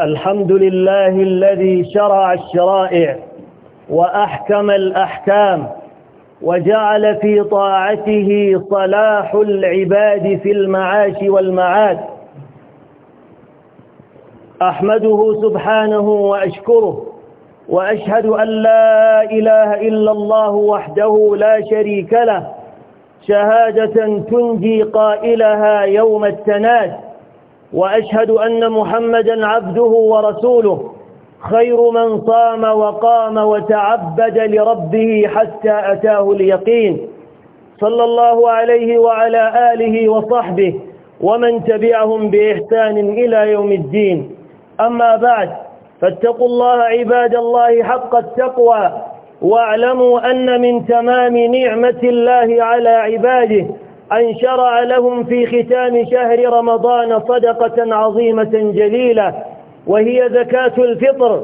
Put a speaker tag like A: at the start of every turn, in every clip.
A: الحمد لله الذي شرع الشرائع وأحكم الأحكام وجعل في طاعته صلاح العباد في المعاش والمعاد أحمده سبحانه وأشكره وأشهد أن لا إله إلا الله وحده لا شريك له شهادة تنجي قائلها يوم التناد وأشهد أن محمدا عبده ورسوله خير من صام وقام وتعبد لربه حتى أتاه اليقين صلى الله عليه وعلى آله وصحبه ومن تبعهم بإحسان إلى يوم الدين أما بعد فاتقوا الله عباد الله حق التقوى واعلموا أن من تمام نعمة الله على عباده أن شرع لهم في ختام شهر رمضان صدقة عظيمة جليلة وهي زكاة الفطر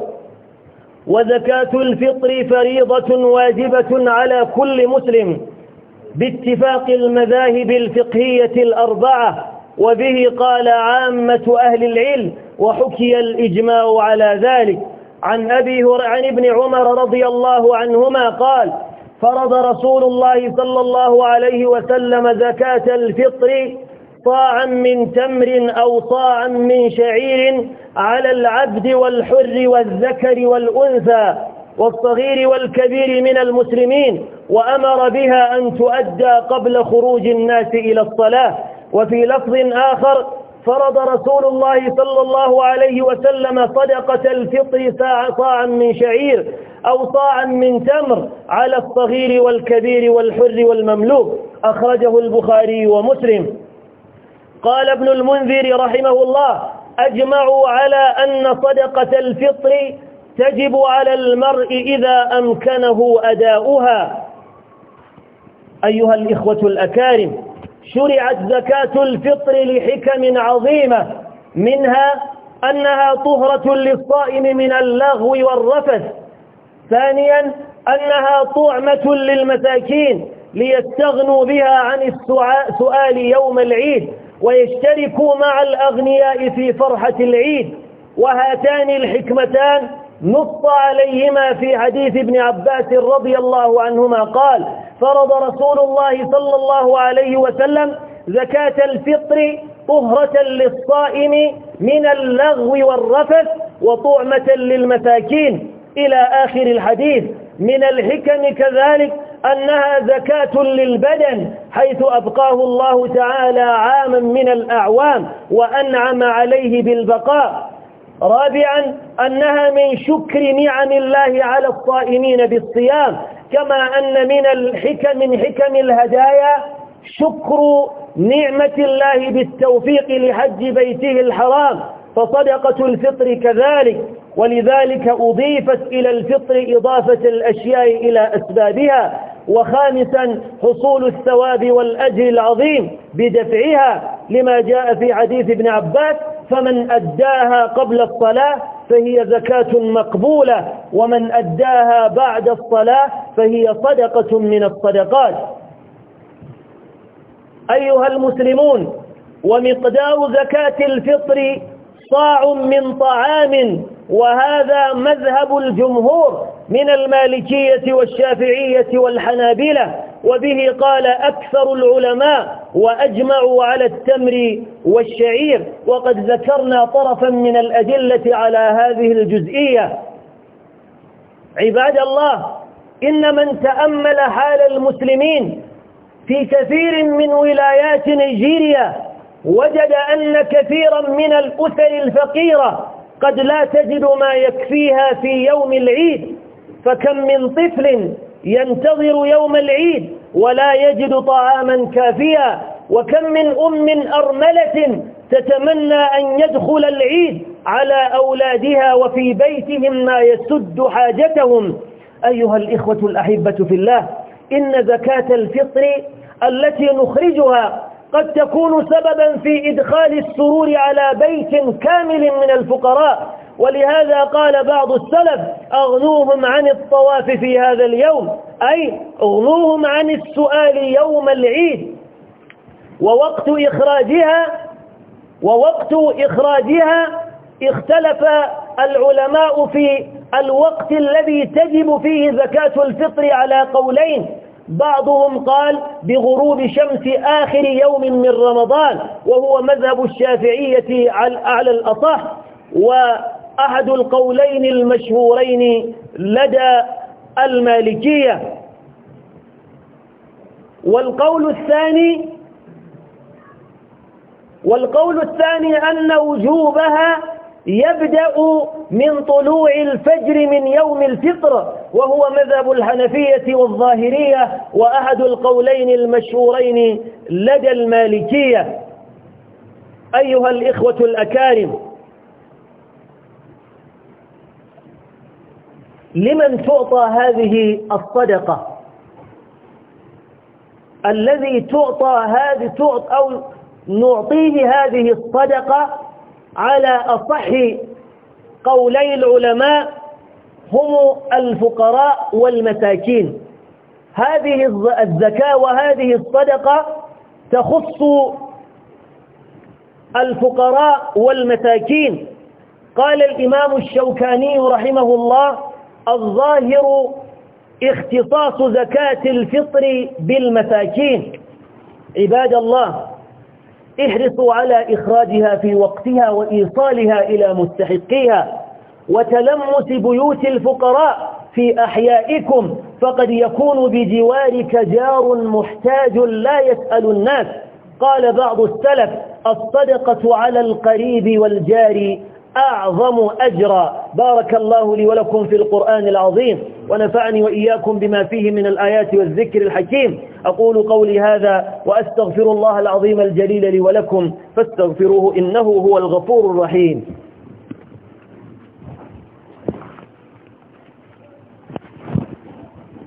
A: وزكاة الفطر فريضة واجبة على كل مسلم باتفاق المذاهب الفقهية الأربعة وبه قال عامة أهل العلم وحكي الإجماع على ذلك عن أبي عن ابن عمر رضي الله عنهما قال فرض رسول الله صلى الله عليه وسلم زكاة الفطر صاعا من تمر أو صاعا من شعير على العبد والحر والذكر والأنثى والصغير والكبير من المسلمين وأمر بها أن تؤدى قبل خروج الناس إلى الصلاة وفي لفظ آخر فرض رسول الله صلى الله عليه وسلم صدقة الفطر صاعا من شعير أو صاعا من تمر على الصغير والكبير والحر والمملوك أخرجه البخاري ومسلم قال ابن المنذر رحمه الله أجمعوا على أن صدقة الفطر تجب على المرء إذا أمكنه أداؤها أيها الإخوة الأكارم شرعت زكاة الفطر لحكم عظيمة منها أنها طهرة للصائم من اللغو والرفث ثانيا أنها طعمة للمساكين ليستغنوا بها عن السؤال يوم العيد ويشتركوا مع الأغنياء في فرحة العيد وهاتان الحكمتان نص عليهما في حديث ابن عباس رضي الله عنهما قال فرض رسول الله صلى الله عليه وسلم زكاة الفطر طهرة للصائم من اللغو والرفث وطعمة للمساكين إلى آخر الحديث من الحكم كذلك أنها زكاة للبدن حيث أبقاه الله تعالى عاما من الأعوام وأنعم عليه بالبقاء رابعا أنها من شكر نعم الله على الصائمين بالصيام كما أن من الحكم من حكم الهدايا شكر نعمة الله بالتوفيق لحج بيته الحرام فصدقة الفطر كذلك ولذلك أضيفت إلى الفطر إضافة الأشياء إلى أسبابها وخامسا حصول الثواب والأجر العظيم بدفعها لما جاء في حديث ابن عباس فمن أداها قبل الصلاة فهي زكاة مقبولة ومن أداها بعد الصلاة فهي صدقة من الصدقات أيها المسلمون ومقدار زكاة الفطر صاع من طعام وهذا مذهب الجمهور من المالكية والشافعية والحنابلة وبه قال أكثر العلماء وأجمعوا على التمر والشعير وقد ذكرنا طرفا من الأدلة على هذه الجزئية عباد الله إن من تأمل حال المسلمين في كثير من ولايات نيجيريا وجد أن كثيرا من الأسر الفقيرة قد لا تجد ما يكفيها في يوم العيد فكم من طفل ينتظر يوم العيد ولا يجد طعاما كافيا وكم من أم أرملة تتمنى أن يدخل العيد على أولادها وفي بيتهم ما يسد حاجتهم أيها الإخوة الأحبة في الله إن زكاة الفطر التي نخرجها قد تكون سببا في إدخال السرور على بيت كامل من الفقراء ولهذا قال بعض السلف أغنوهم عن الطواف في هذا اليوم أي أغنوهم عن السؤال يوم العيد ووقت إخراجها ووقت إخراجها اختلف العلماء في الوقت الذي تجب فيه زكاة الفطر على قولين بعضهم قال بغروب شمس آخر يوم من رمضان وهو مذهب الشافعية على الأصح و أحد القولين المشهورين لدى المالكية والقول الثاني والقول الثاني أن وجوبها يبدأ من طلوع الفجر من يوم الفطر وهو مذهب الحنفية والظاهرية وأحد القولين المشهورين لدى المالكية أيها الإخوة الأكارم لمن تعطى هذه الصدقة الذي تعطى هذه تعطى أو نعطيه هذه الصدقة على أصح قولي العلماء هم الفقراء والمساكين هذه الزكاة وهذه الصدقة تخص الفقراء والمساكين قال الإمام الشوكاني رحمه الله الظاهر اختصاص زكاة الفطر بالمساكين عباد الله احرصوا على إخراجها في وقتها وإيصالها إلى مستحقيها وتلمس بيوت الفقراء في أحيائكم فقد يكون بجوارك جار محتاج لا يسأل الناس قال بعض السلف الصدقة على القريب والجار أعظم أجرا بارك الله لي ولكم في القرآن العظيم ونفعني وإياكم بما فيه من الآيات والذكر الحكيم أقول قولي هذا وأستغفر الله العظيم الجليل لي ولكم فاستغفروه إنه هو الغفور الرحيم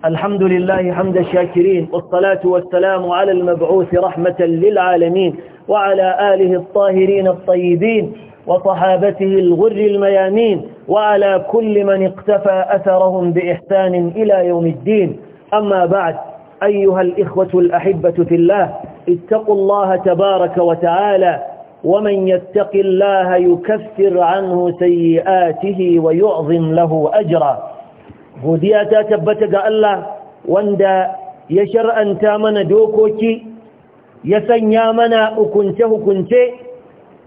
A: الحمد لله حمد الشاكرين والصلاة والسلام على المبعوث رحمة للعالمين وعلى آله الطاهرين الطيبين وصحابته الغر الميامين وعلى كل من اقتفى أثرهم بإحسان إلى يوم الدين أما بعد أيها الإخوة الأحبة في الله اتقوا الله تبارك وتعالى ومن يتق الله يكفر عنه سيئاته ويعظم له أجرا godiya ta الله واندى يشر أنت من دوكوكي mana dokoki أكنته كنته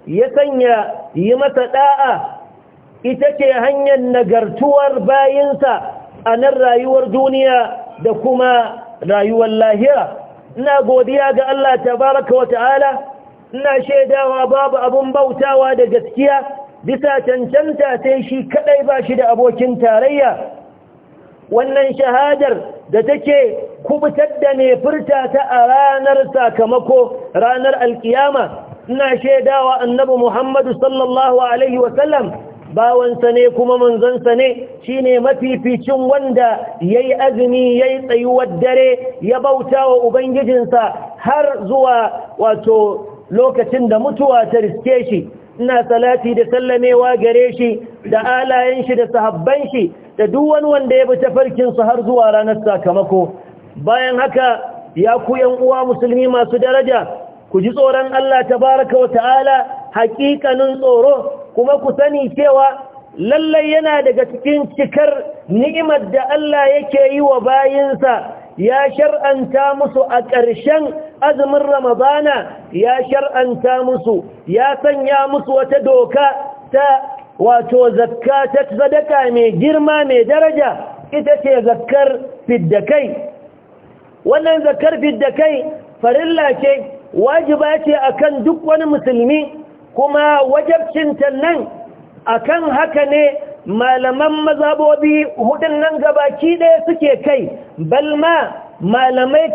A: ya sanya yi masa da'a ita ce hanyar nagartuwar bayinsa a nan rayuwar duniya da kuma rayuwar lahira ina godiya ga Allah tabaraka wa ta'ala ina shaidawa babu abun bautawa da gaskiya bisa cancanta sai shi kadai ba shi da abokin tarayya wannan shahadar da take kubutar da mai furta ta a ranar sakamako ranar alkiyama ina shaidawa annabi Muhammadu sallallahu alaihi wasallam bawansa ne kuma manzansa ne shine mafificin wanda yayi azumi yayi tsayuwar dare ya bautawa ubangijinsa har zuwa wato lokacin da mutuwa ta riske shi ina salati da sallamewa gare shi da alayen shi da sahabban shi da duk wani wanda ya bi tafarkin su har zuwa ranar sakamako bayan haka ya ku yan uwa musulmi masu daraja ku ji tsoron Allah tabaraka wa ta'ala hakikanin tsoro kuma ku sani cewa lallai yana daga cikin cikar ni'imar da Allah yake yi wa bayinsa ya shar'anta musu a ƙarshen azumin ramadana ya shar'anta musu ya sanya musu wata doka ta wato zakka ta sadaka mai girma mai daraja ita ce zakkar fiddakai wannan zakkar fiddakai farilla ce wajiba ce akan duk wani musulmi kuma wajabcinta nan akan haka ne malaman mazabobi hudun nan gabaki ɗaya suke kai balma malamai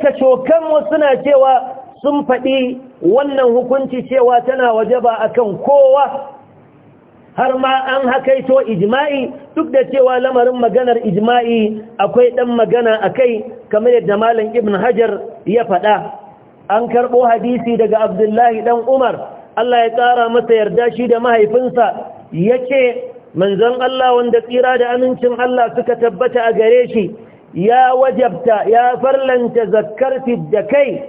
A: mu suna cewa sun faɗi wannan hukunci cewa tana wajaba akan kowa har ma an hakaito ijma'i duk da cewa lamarin maganar ijma'i akwai ɗan magana akai kamar yadda malam ibn hajar ya faɗa an karɓo hadisi daga abdullahi ɗan umar Allah ya ƙara masa yarda shi da mahaifinsa ya ce manzon Allah wanda tsira da amincin Allah suka tabbata a gare shi ya wajabta ya farlanta zakkar da kai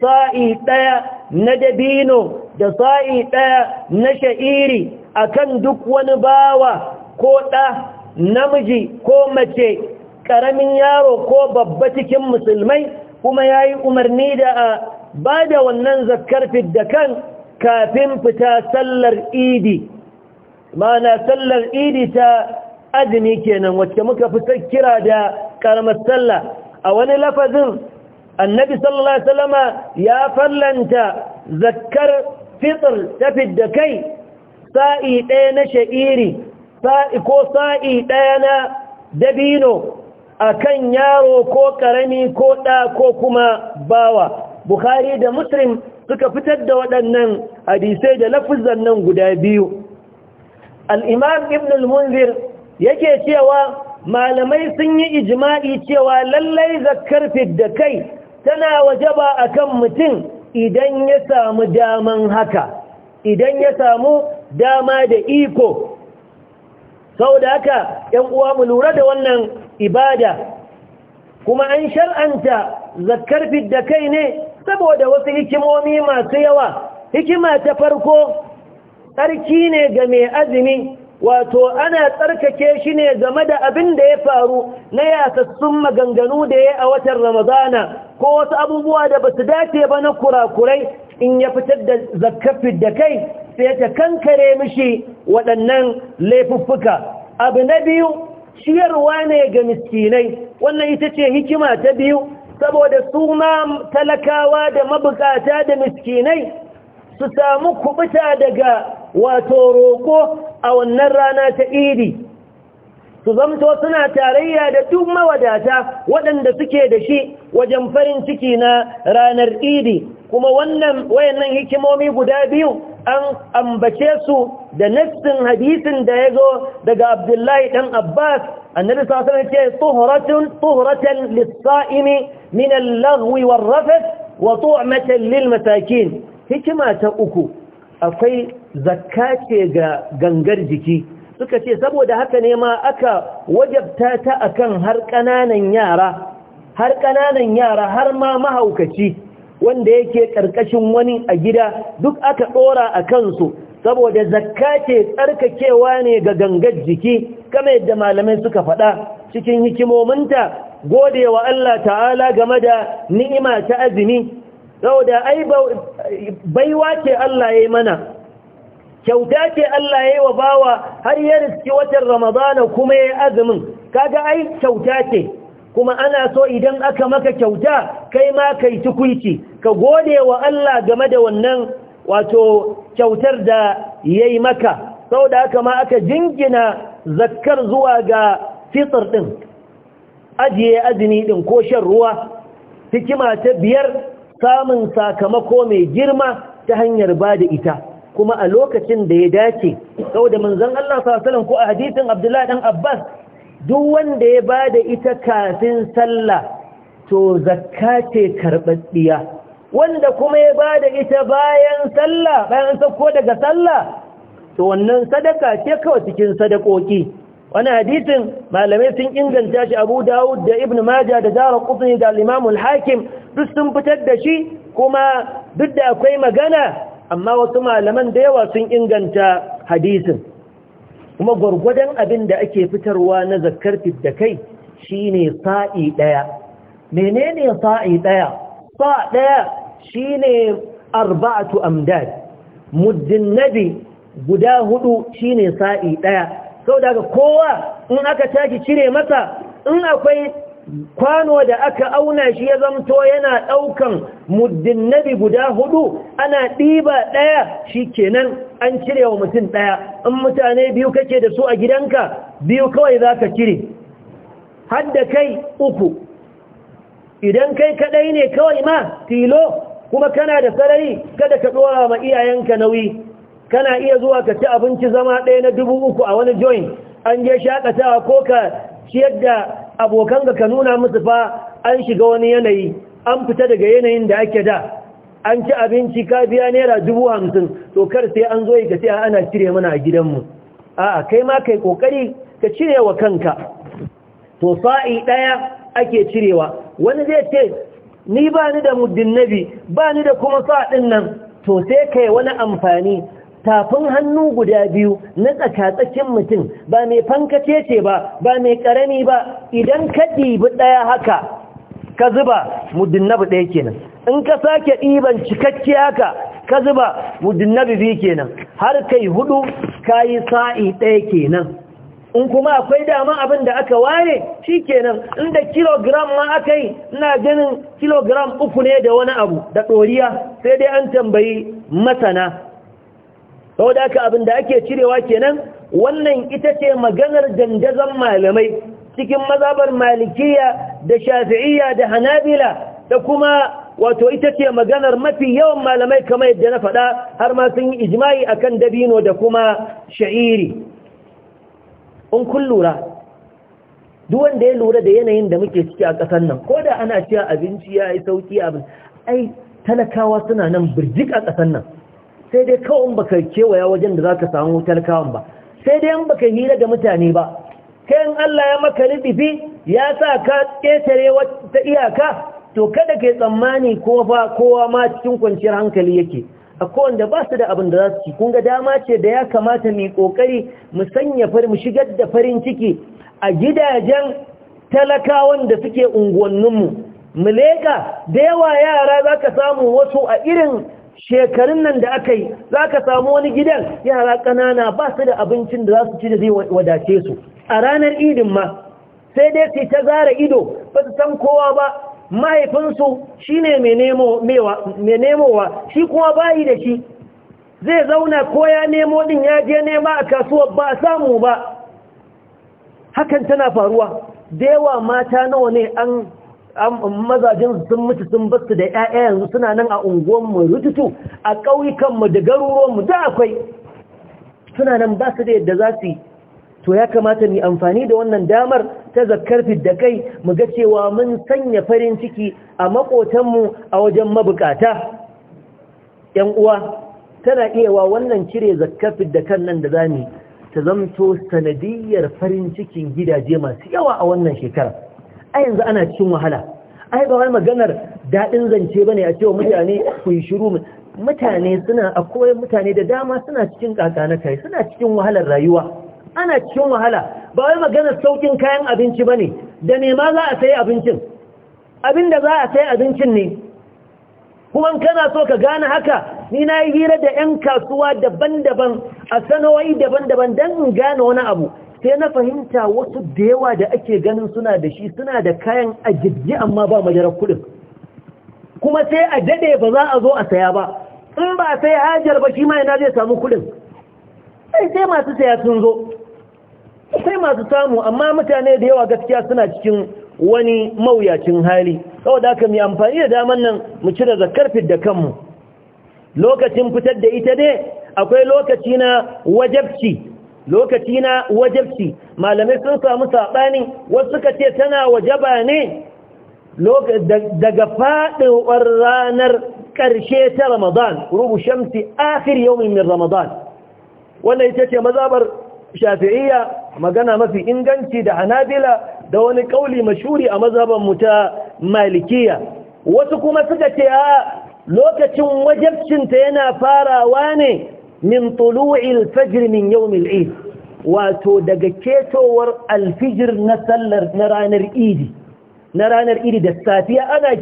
A: sa'i ɗaya na dabino da sa'i ɗaya na sha'iri a kan duk wani bawa ko ɗa namiji ko mace ƙaramin yaro ko babba cikin musulmai kuma ya yi umarni da a ba da wannan zakkar fiddakan kafin fita sallar idi mana sallar idi ta azumi kenan wacce muka fi kira da karamar sallah a wani lafazin annabi sallallahu alaihi wasallama ya fallanta zakkar fitr ta fiddakai sa'i ɗaya na sha'iri sa'i ko sa'i ɗaya na dabino akan yaro ko ƙarami ko ɗa ko kuma bawa bukhari da muslim suka fitar da waɗannan hadisai da lafuzan nan guda biyu al'imam ibn al-munzir yake cewa malamai sun yi ijima'i cewa lallai zakar da kai tana wajaba kan mutum idan ya samu daman haka idan ya samu dama da iko sau da haka ‘yan mu lura da wannan ibada kuma an shar'anta zakar da kai ne saboda wasu hikimomi masu yawa hikima ta farko tsarki ne ga mai azumi wato ana tsarkake shi ne game da abin da ya faru na yasassun maganganu da ya a watan ramadana ko wasu abubuwa da ba su dace ba na kurakurai in ya fitar da zakafi da kai sai ta kankare mishi waɗannan laifuffuka abu na biyu ciyarwa ne ga miskinai wannan ita ce hikima ta biyu saboda su ma talakawa da mabukata da miskinai su samu kubuta daga wato roko a wannan rana ta idi su zamto suna tarayya da duk mawadata waɗanda suke da shi wajen farin ciki na ranar idi kuma wannan wayannan hikimomi guda biyu an ambace su da nassin hadisin da ya zo daga abdullahi Ɗan abbas annabi sallallahu alaihi wasallam ce tuhratun tuhratan lis-sa'imi min war-rafath wa tu'matan lil-masakin hikima ta uku akwai zakka ce ga gangar jiki suka ce saboda haka ne ma aka wajabta ta akan har ƙananan yara har ƙananan yara har ma mahaukaci wanda yake karkashin wani a gida duk aka dora a kansu saboda zakka ce tsarkakewa ne ga gangar jiki kamar yadda malamai suka faɗa cikin hikimominta godewa Allah ta'ala game da ni'ima ta azumi saboda ai baiwa ce Allah ya yi mana kyauta ce Allah ya yi wa bawa har ya riski watan ramadana kuma ya azumin kaga ai kyauta ke. kuma ana so idan aka maka kyauta kai ma kai tukunci ka gode wa Allah game da wannan wato kyautar da ya yi maka sau da aka ma aka jingina zakkar zuwa ga fitar ɗin ajiye azini ɗin ko shan ruwa hikima ta biyar samun sakamako mai girma ta hanyar ba da ita kuma a lokacin da ya dace sau da manzan Allah sasalan ko a hadisin abdullahi ɗan abbas duk wanda ya ba da ita kafin sallah to zakka ce karɓaɓɓiya wanda kuma ya ba da ita bayan sallah bayan sauko daga sallah to wannan sadaka ce kawai cikin sadakoki wani hadisin malamai sun inganta shi abu dawud da ibn Majah da zara kufni da limamul hakim duk sun fitar da shi kuma duk da akwai magana amma wasu malaman da yawa sun inganta hadisin kuma gwargwadon abin da ake fitarwa na zakar da kai shine sa'i daya menene sa'i daya sa daya Shi shine arba'atu amdad muddin nabi guda hudu ne sa'i ɗaya, sau daga kowa in aka tashi cire masa in akwai kwano da aka auna shi ya zamto yana ɗaukan muddin nabi guda hudu ana ɗiba ɗaya shi kenan an cire wa mutum ɗaya in mutane biyu kake da su a gidanka biyu kawai za ka cire da kai uku idan kai kaɗai ne kawai ma tilo kuma kana da sarari kada ka dora ma iyayenka nauyi kana iya zuwa ka ci abinci zama ɗaya na dubu uku a wani joint an je shakatawa ko ka ciyar da abokanka ka nuna musu fa an shiga wani yanayi an fita daga yanayin da ake da an ci abinci ka biya naira dubu hamsin to kar sai an zo ka ce ana cire mana a gidanmu a'a kai ma kai kokari ka cire wa kanka to sa'i daya ake cirewa wani zai ce ni ba ni da muddin nabi ba ni da kuma sa nan to sai kai wani amfani tafin hannu guda biyu na tsakatsakin mutum ba mai fankace ce ba ba mai ƙarami ba idan ka ɗibi ɗaya haka ka zuba muddin ɗaya kenan in ka sake ɗiban cikakke haka ka zuba muddin biyu kenan har kai hudu ka yi sa'i ɗaya kenan in kuma akwai dama abin da aka ware shi kenan inda kilogram ma aka yi ina ganin kilogram uku ne da wani abu da ɗoriya sai dai an tambayi masana sau da aka abin da ake cirewa kenan wannan ita ce maganar dandazon malamai cikin mazabar malikiya da shafi'iyya da hanabila da kuma wato ita ce maganar mafi yawan malamai kamar yadda na faɗa har ma sun yi ijimai akan dabino da kuma sha'iri in kun lura duk wanda ya lura da yanayin da muke ciki a ƙasar nan ko da ana cewa abinci ya yi sauki abin ai talakawa suna nan birjik a ƙasar nan sai dai kawai baka kewaya wajen da za ka samu talakawan ba sai dai in baka hira da mutane ba kai in Allah ya maka lidifi ya sa ka ƙetare wata iyaka to kada ke tsammani ko fa kowa ma cikin kwanciyar hankali yake ko wanda ba su da abin da za su ci kun ga dama ce da ya kamata mu kokari mu sanya fari mu shigar da farin ciki a gidajen talakawan da suke unguwanninmu mu leka da yawa yara za ka samu wasu a irin shekarun nan da aka yi za ka samu wani gidan yara ƙanana ba su da abincin da za su ci da zai wadace su a ranar idin ma sai dai su ta zara ido ba su san kowa ba mahaifinsu shi ne mai nemowa shi kuma bayi da shi zai zauna ko ya nemo din ya je nema a kasuwa ba samu ba hakan tana faruwa da yawa mata nawa ne an mazajin sun mutu sun basu da 'ya'ya suna nan a unguwanmu rututu a ƙauyukanmu da garuruwanmu da akwai suna nan ba su da yadda za su yi to ya kamata mu amfani da wannan damar ta zakkar da kai mu ga cewa mun sanya farin ciki a makotanmu a wajen mabukata yan uwa tana iya iyawa wannan cire zakkar da kan nan da zamu ta zamto sanadiyar farin cikin gidaje masu yawa a wannan shekara a yanzu ana cikin wahala ai ba wai maganar daɗin zance bane a cewa mutane ku yi shiru mutane suna akwai mutane da dama suna cikin kakana kai suna cikin wahalar rayuwa ana cikin wahala ba wai maganar saukin kayan abinci ba ne da nema za a sayi abincin abinda za a sayi abincin ne kuma kana so ka gane haka ni na yi hira da 'yan kasuwa daban-daban a sanawai daban-daban don in gane wani abu sai na fahimta wasu da yawa da ake ganin suna da shi suna da kayan a amma ba majarar kudin kuma sai a dade ba za a zo a saya ba in ba sai hajar ba shi ma yana zai samu kudin sai sai masu saya sun zo sai masu samu amma mutane da yawa gaskiya suna cikin wani mawuyacin hali saboda haka muyi amfani da daman nan mu cire karfi da kanmu lokacin fitar da ita ne akwai lokaci na wajabci lokaci na wajabci malamai sun samu saɓani wasu suka ce tana wajaba ne daga faɗiwar ranar ƙarshe ta ramadan rubu shamsi akhir yawmin min ramadan wannan ita ce mazabar shafi'iyya magana mafi inganci da hanabila da wani kauli mashuri a mazhaban mu ta malikiya wasu kuma suka ce a lokacin wajabcinta yana farawa ne min tulu'il fajr min yawmil eid wato daga ketowar alfijir na sallar na ranar idi na ranar idi da safiya ana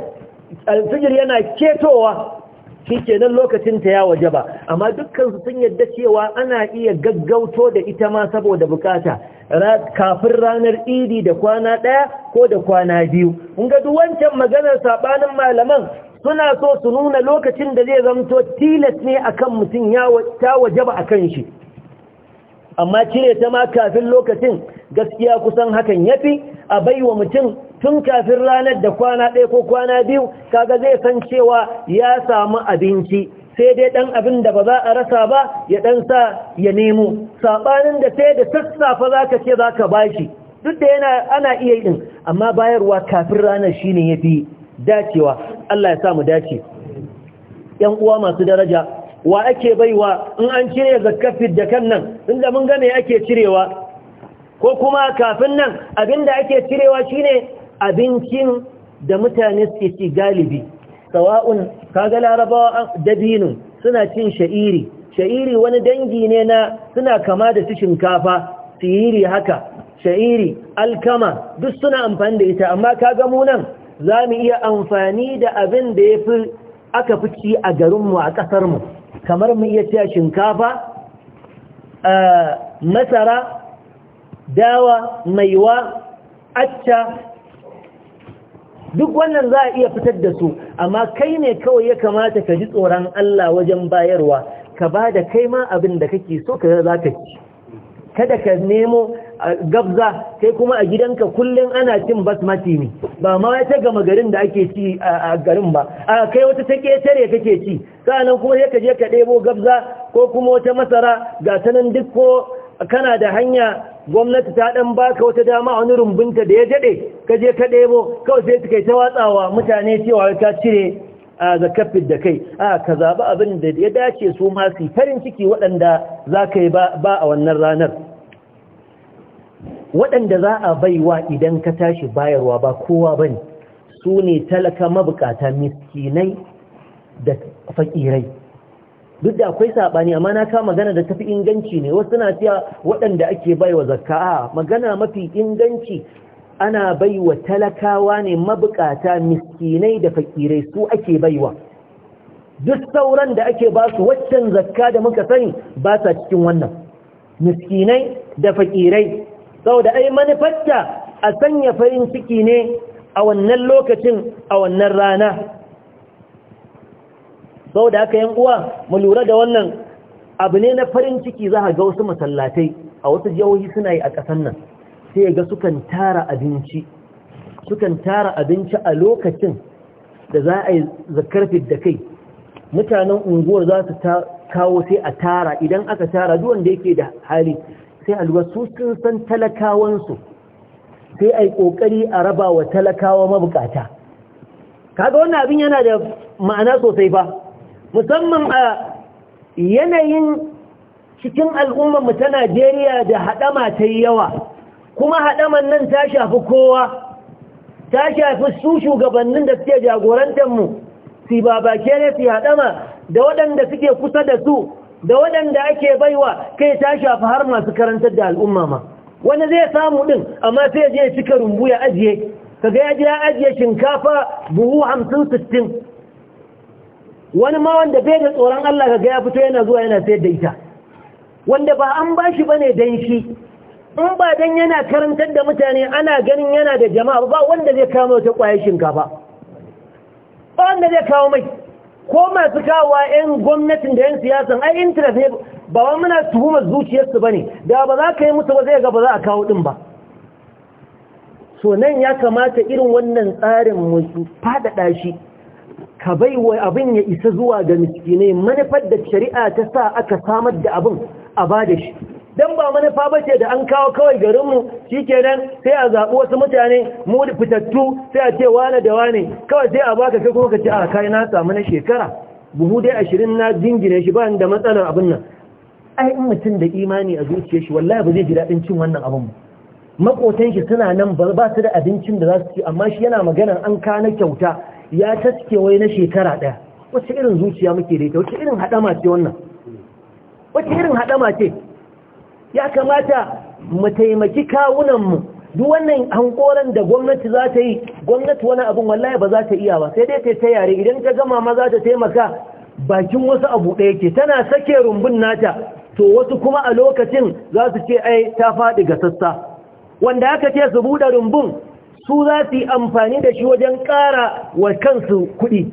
A: alfijir yana ketowa shi kenan lokacin ta ya waje ba amma dukkan sun yadda cewa ana iya gaggauto da ita ma saboda bukata kafin ranar idi da kwana ɗaya ko da kwana biyu in ga duk wancan maganar saɓanin malaman suna so su nuna lokacin da zai zamto tilas ne akan mutum ya ta waje ba akan shi amma cire ta ma kafin lokacin gaskiya kusan hakan yafi a baiwa mutum tun kafin ranar da kwana ɗaya ko kwana biyu kaga zai san cewa ya samu abinci sai dai ɗan abin da ba za a rasa ba ya ɗan sa ya nemo saɓanin da sai da sassafa za ka ce za ka ba shi duk da yana ana iya yin ɗin amma bayarwa kafin ranar shi ne ya fi dacewa Allah ya sa mu dace ‘yan uwa masu daraja wa ake baiwa in an cire zakafi da kan nan inda mun ga me ake cirewa ko kuma kafin nan abin da ake cirewa shine abincin da mutane suke ci galibi sawa'un kaga larabawa ah, Dabinu suna cin sha'iri sha'iri wani dangi ne na suna kama da su shinkafa Sihiri haka sha'iri alkama duk suna amfani da ita amma kaga mu nan za mu iya amfani da abin da ya fi aka fi ci a garinmu a ƙasarmu kamar mu iya cewa shinkafa ah, masara dawa maiwa acca duk wannan za a iya fitar da su amma kai ne kawai ya kamata ka ji tsoron Allah wajen bayarwa ka ba da kai ma abin da kake so ka za ka ci kada ka nemo gabza kai kuma a gidanka kullum ana cin basmati ne ba ma wata gama garin da ake ci a garin ba a kai wata ta ketare kake ci nan kuma sai ka je ka ɗebo gabza ko kuma wata masara ga ta nan duk ko kana da hanya gwamnati ta ɗan baka wata dama a wani rumbunta da ya jade ka je ka debo kawai sai kai ta watsawa mutane cewa ka cire zakafin da kai a ka zaba abin da ya dace su ma su farin ciki waɗanda za ka ba a wannan ranar waɗanda za a baiwa idan ka tashi bayarwa ba kowa bane su ne talaka mabukata miskinai da fakirai duk da akwai saɓani amma na kama magana da tafi inganci ne wasu na cewa waɗanda ake baiwa zakka a magana mafi inganci ana baiwa talakawa ne mabukata miskinai da fakirai su ake baiwa duk sauran da ake ba su waccan zakka da muka sani ba sa cikin wannan miskinai da fakirai saboda ai manufarta a sanya farin ciki ne a wannan lokacin a wannan rana sau da aka yan uwa mu lura da wannan abu ne na farin ciki za a ga wasu masallatai a wasu jihohi suna yi a ƙasan nan sai ga sukan tara abinci sukan tara abinci a lokacin da za a yi zakarfi da kai mutanen unguwar za su kawo sai a tara idan aka tara da yake da hali sai a lura su sun san talakawansu sai a yi ƙoƙari a raba wa talakawa mabukata kaga wannan abin yana da ma'ana sosai ba musamman a yanayin cikin al'ummar mu ta Najeriya da haɗama ta yawa kuma haɗaman nan ta shafi kowa ta shafi su shugabannin da suke jagorantar mu su ke ne su haɗama da waɗanda suke kusa da su da waɗanda ake baiwa kai ta shafi har masu karantar da al'umma ma wani zai samu ɗin amma sai je cika rumbu ya ajiye kaga ya ya ajiye shinkafa buhu hamsin sittin wani ma wanda bai da tsoron Allah ka ga ya fito yana zuwa yana sayar da ita wanda ba an bashi bane dan shi in ba dan yana karantar da mutane ana ganin yana da jama'a ba wanda zai kawo ta kwaye shinkafa ba wanda zai kawo mai ko masu kawo yan gwamnatin da yan siyasan ai interest ne ba wa muna tuhumar zuciyarsu ba ne da ba za ka yi musu ba zai ga ba za a kawo ɗin ba so nan ya kamata irin wannan tsarin mu fada shi ka bai wa abin ya isa zuwa ga miskinai manufar da shari'a ta sa aka samar da abin a ba da shi don ba manufa ba ce da an kawo kawai garinmu shi kenan sai a zaɓi wasu mutane mu da fitattu sai a ce wane da wane kawai sai a baka sai kuma ka ce a kai na samu na shekara buhu dai ashirin na jingine shi ba da matsalar abin nan ai in mutum da imani a zuciyar shi wallahi ba zai ji daɗin cin wannan abin ba makotan shi suna nan ba su da abincin da za su ci amma shi yana maganar an kana kyauta ya taske wai na shekara ɗaya wacce irin zuciya muke da ita wacce irin haɗama ce wannan wacce irin haɗama ce ya kamata mu taimaki kawunanmu duk wannan hankoran da gwamnati za ta yi gwamnati wani abin wallahi ba za ta iya ba sai dai ta yare idan ta gama ma za ta taimaka bakin wasu abu ɗaya ke tana sake rumbun nata to wasu kuma a lokacin za su ce ai ta faɗi ga sassa wanda aka ce su buɗe rumbun su za su yi amfani da shi wajen ƙara wa kansu kuɗi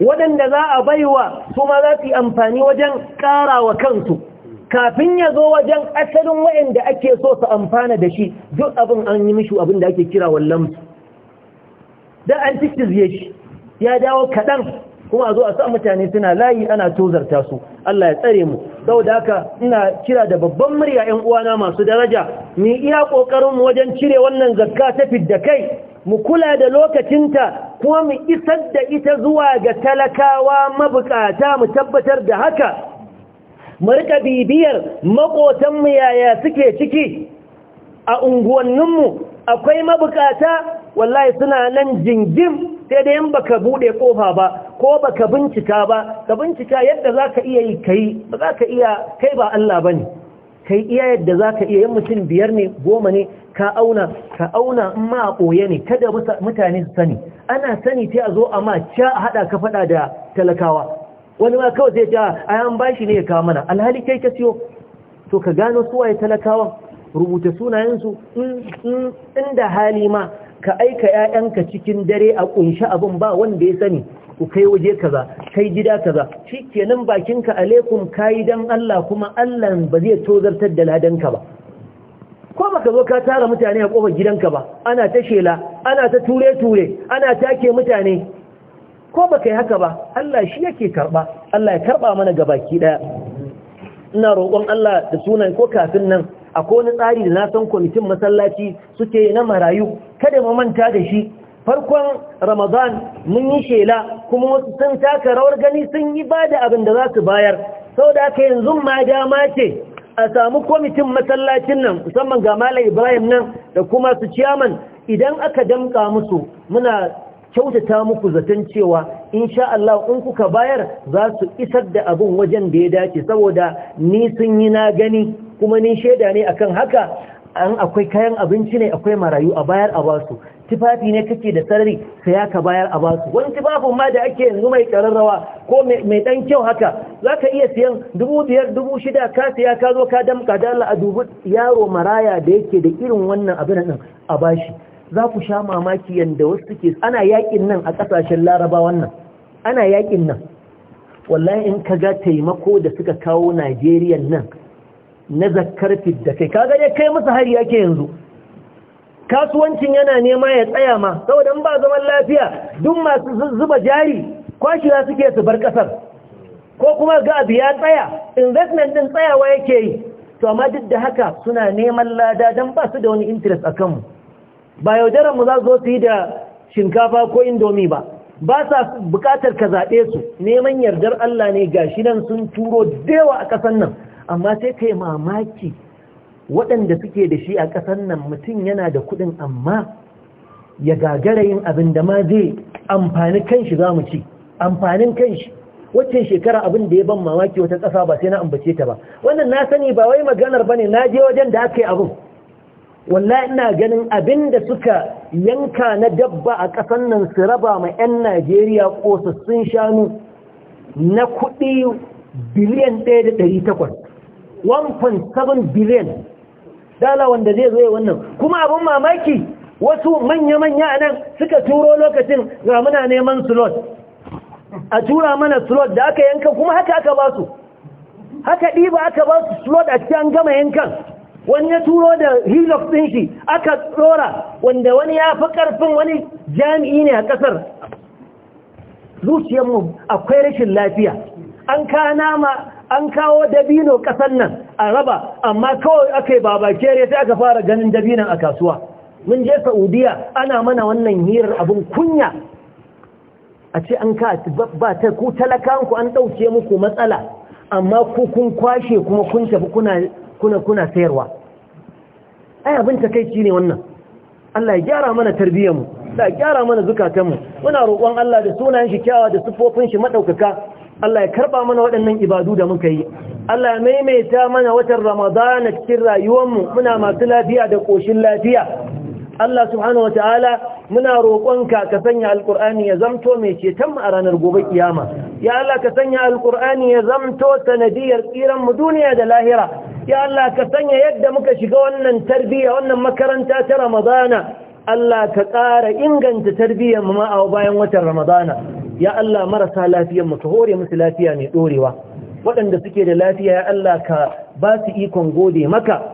A: waɗanda za a baiwa su ma za su yi amfani wajen ƙara wa kansu kafin ya zo wajen asalin waɗanda ake so su amfana da shi duk abin an yi mishi abin da ake kira wallan da an cicciye ya dawo kaɗan kuma a zo a sa mutane suna layi ana tozarta su Allah ya tsare mu saboda haka ina kira da babban murya 'yan uwana masu daraja ni iya kokarin mu wajen cire wannan zakka ta fidda kai mu kula da lokacinta kuma mu isar da ita zuwa ga talakawa mabukata mu tabbatar da haka mu rika bibiyar makotan mu yaya suke ciki a unguwanninmu akwai mabukata wallahi suna nan jingim sai da yan baka bude kofa ba ko baka bincika ba ka bincika yadda za ka iya yi kai ba ka iya kai ba Allah bane kai iya yadda za ka iya yin mutum biyar ne goma ne ka auna ka auna ma ma ɓoye ne kada mutane su sani ana sani sai a zo a ma ca haɗa ka faɗa da talakawa wani ma kawai zai ce a ah, an bashi ne ya kawo mana alhali kai ka siyo to ka gano suwaye talakawan rubuta sunayensu inda hali ma ka aika ‘ya'yanka cikin dare a ƙunshi abin ba wanda ya sani ku kai waje kaza kai gida kaza shi kenan bakinka alaikum kayi don Allah kuma Allahn ba zai tozartar da ladanka ba ko ka zo ka tara mutane a ƙofar gidanka ba ana ta shela ana ta ture-ture ana take mutane ko ka yi haka ba Allah shi yake karɓa Allah ya karɓa mana gabaki ɗaya ina roƙon Allah da sunan ko kafin nan a na tsari da na san kwamitin masallaci suke na marayu kada mu manta da shi farkon ramadan mun yi shela kuma wasu sun taka rawar gani sun yi ba da abin da za su bayar sau da aka yanzu ma dama ce a samu kwamitin masallacin nan musamman ga malam ibrahim nan da kuma su ciyaman idan aka damka musu muna kyautata muku zaton cewa insha Allah in kuka bayar za su isar da abin wajen da ya dace saboda ni sun yi na gani kuma ni shaida ne akan haka an akwai kayan abinci ne akwai marayu a bayar a basu Tifafi ne kake da sarari sai ka bayar a basu wani tifafin ma da ake yanzu mai kararrawa ko mai dan kyau haka zaka iya siyan dubu biyar ka siya, ka zo ka damka da Allah a dubu yaro maraya da yake da irin wannan abin nan a bashi za ku sha mamaki yanda wasu suke ana yakin nan a kasashen Laraba wannan ana yakin nan wallahi in ka ga taimako da suka kawo Najeriya nan na zakar fidda kai kaga ne kai musu hari yake yanzu kasuwancin yana nema ya tsaya ma saboda ba zaman lafiya duk masu zuba jari kwashewa suke su bar kasar ko kuma ga abu ya tsaya investment din tsayawa yake yi to amma duk da haka suna neman lada don ba su da wani interest a kanmu ba yaudaran mu za zo su yi da shinkafa ko indomi ba ba sa bukatar ka zaɓe su neman yardar Allah ne ga shi nan sun turo dewa a ƙasar nan amma sai kai mamaki waɗanda suke da shi a ƙasar nan mutum yana da kuɗin amma ya gagara yin abin da ma zai amfani kanshi za mu ci amfanin kanshi wacce shekara abin da ya ban mamaki wata ƙasa ba sai na ambace ta ba wannan na sani ba wai maganar ne na je wajen da aka yi abu. wallahi ina ganin abin da suka yanka na dabba a ƙasar nan su raba ma 'yan Najeriya ƙosassun shanu na kuɗi biliyan ɗaya da ɗari takwas 1.7 billion dala wanda zai zoye wannan kuma abin mamaki wasu manya-manya nan suka turo lokacin ga muna neman slot a tura mana slot da aka yanka kuma haka aka ba su haka ɗiba aka ba su slot a cikin gama yankan wani ya turo da hilux ɗin shi aka tsora wanda wani ya fi ƙarfin wani jami'i ne a ƙasar zuciyarmu akwai rashin lafiya an ka nama an kawo dabino ƙasar nan a raba amma kawai aka yi babakere sai aka fara ganin dabinan a kasuwa mun je saudiya ana mana wannan hirar abin kunya a ce an ka ba ta ku talakanku an ɗauke muku matsala amma ku kun kwashe kuma kun tafi kuna kuna sayarwa ai abin takaici ne wannan Allah ya gyara mana tarbiyyarmu ya gyara mana zukatanmu muna roƙon Allah da sunan shi kyawa da siffofin shi madaukaka Allah ya karba mana waɗannan ibadu da muka yi Allah ya maimaita mana watan Ramadana cikin rayuwarmu muna masu lafiya da koshin lafiya Allah subhanahu wataala muna roƙonka ka sanya alƙur'ani ya zamto mai ceton mu a ranar gobe kiyama ya Allah ka sanya alƙur'ani ya zamto sanadiyar tsiran mu duniya da lahira ya Allah ka sanya yadda muka shiga wannan tarbiyya wannan makaranta ta Ramadana Allah ka ƙara inganta tarbiyyar mu ma a bayan watan Ramadana ya Allah marasa lafiyar mu ka hore musu lafiya mai dorewa waɗanda suke da lafiya ya Allah ka ba su ikon gode maka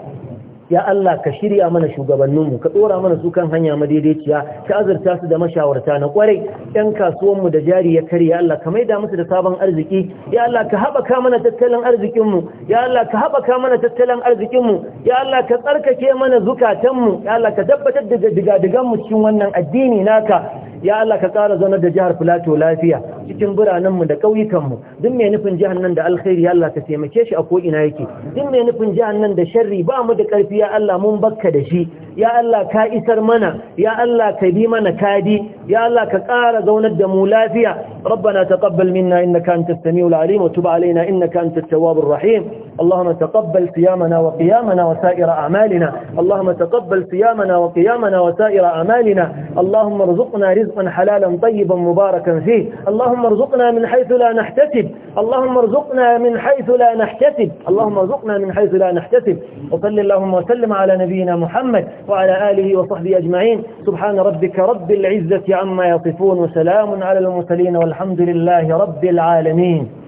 A: ya Allah ka shirya mana shugabanninmu ka tsora mana su kan hanya madaidaiciya ka azurta su da mashawarta na kwarai ɗan kasuwanmu da jari ya kare ya Allah ka maida musu da sabon arziki ya Allah ka haɓaka mana tattalin arzikinmu ya Allah ka haɓaka mana tattalin arzikinmu ya Allah ka tsarkake mana zukatanmu ya Allah ka tabbatar da digadiganmu cikin wannan addini naka ya Allah ka tsara zaunar da jihar Filato lafiya cikin biranenmu da ƙauyukanmu duk mai nufin jihar nan da alkhairi ya Allah ka taimake shi a ko'ina yake duk mai nufin jihar nan da sharri ba mu da ƙarfi ya Allah mun bakka da shi ya Allah ka isar mana ya Allah ka bi mana kadi ya Allah ka ƙara zaunar da mu lafiya rabbana taqabbal minna innaka antas samiul alim wa tub alaina innaka antat tawwabur rahim اللهم تقبل صيامنا وقيامنا وسائر أعمالنا اللهم تقبل صيامنا وقيامنا وسائر أعمالنا اللهم ارزقنا رزقا حلالا طيبا مباركا فيه اللهم ارزقنا من حيث لا نحتسب اللهم ارزقنا من حيث لا نحتسب اللهم ارزقنا من حيث لا نحتسب وصل اللهم وسلم على نبينا محمد وعلى آله وصحبه أجمعين سبحان ربك رب العزة عما يصفون وسلام على المرسلين والحمد لله رب العالمين